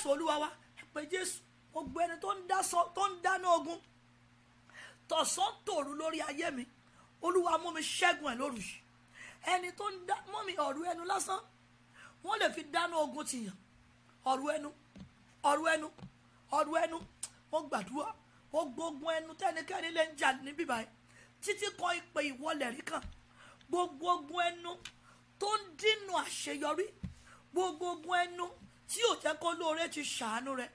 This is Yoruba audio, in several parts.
jésù olúwa wa ẹ pé jésù gbogbo ẹni tó ń dáná ogun tọ̀sán tòru lórí ayé mi olúwa mú mi ṣẹ́gun ẹ̀ lóru yìí ẹni tó ń dá mọ́ mi ọ̀rọ̀ ẹnu lásán wọ́n lè fi dáná ogun tìyàn ọ̀rọ̀ ẹnu ọ̀rọ̀ ẹnu ọ̀rọ̀ ẹnu wọ́n gbàdúrà wọ́n gbógun ẹnu tẹ́nikẹ́ni lè ń jà níbí báyìí títí kan ìpè ìwọlẹ̀ rí kan gbogbo ogun ẹnu tó ń dínà àṣeyọrí gbogbo ẹnu tí ò jẹ́ kó lóore ti ṣàánú rẹ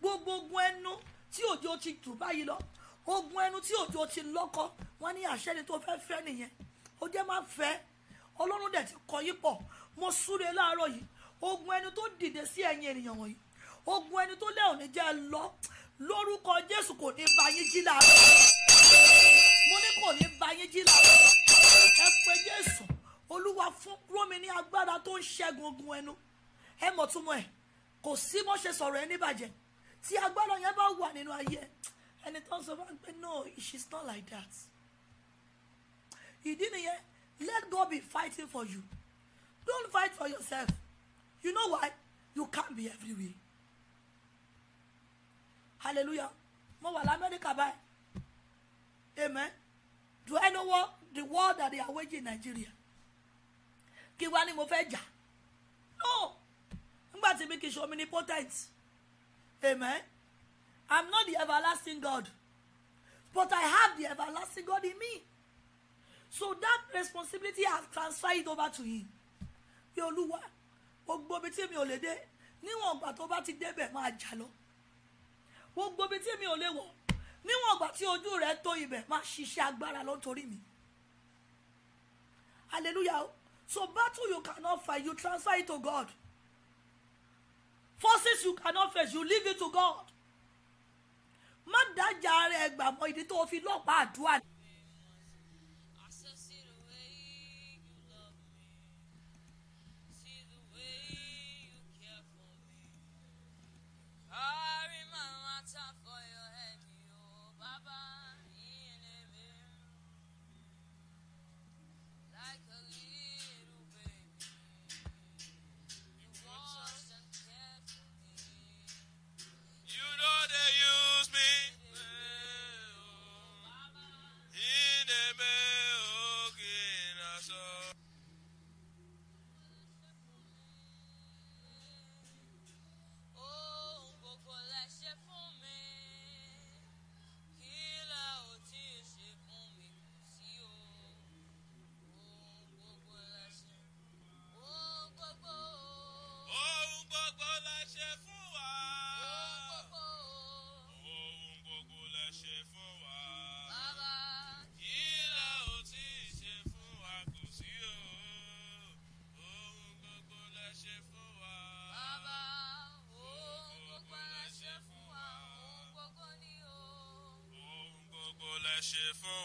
gbogbo ogun ẹnu tí òjò ti jù báyìí lọ ogun ẹnu tí òjò ti lọ́kọ wọn ní àṣẹ ni tó fẹ́ fẹ́ nìyẹn ó jẹ́ má fẹ́ ọlọ́run dẹ̀ ti kọ yí pọ̀ mo súre láàárọ̀ yìí ogun ẹnu tó dìde sí ẹ̀yìn ènìyàn wọ̀nyí ogun ẹnu tó lẹ́hùn ní jẹ́ lọ lórúkọ jésù kò ní bá yín jí láàárọ̀ mo ní kò ní bá yín jí láàárọ̀ ẹ pé jésù olúwa fún rómi ní agbára tó ń ṣẹ́gun ogun ẹnu ẹ mọ̀ túmọ̀ ẹ̀ kò sí bó ṣe sọ̀rọ̀ ẹ níbàjẹ́ tí agbára yẹn bá wà nínú ayé ẹni tó ń sọ fún mi pé no she's not like that ìdí nìyẹn let God be fighting for you don't fight for yourself you know why you can't be everywhere hallelujah mo wà lamẹ́ríkà báyìí amen do I know what the war that they are waging in Nigeria kí wá ni mo fẹ́ jà no nígbà tí mi kì í ṣe omnipotent amen i'm not the everlasting god but i have the everlasting god in me so that responsibility i have transferred over to him pé olúwa gbogbo ibi tí mi ò lè dé níwọ̀n ìgbà tó bá ti débẹ̀ máa jà lọ gbogbo ibi tí mi ò lè wọ̀ níwọ̀n ìgbà tí ojú rẹ̀ tó ibẹ̀ máa ṣiṣẹ́ agbára lọ torí mi hallelujah so battle you cannot fight you transfer it to God forces you cannot face you leave it to God má dájà rẹ̀ gbàmọ́ ìdí tó o fi lọ́pàá àdúrà shit for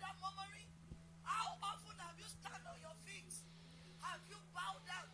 under murmuring? How often have you stand on your feet? Have you bowed down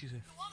did she say?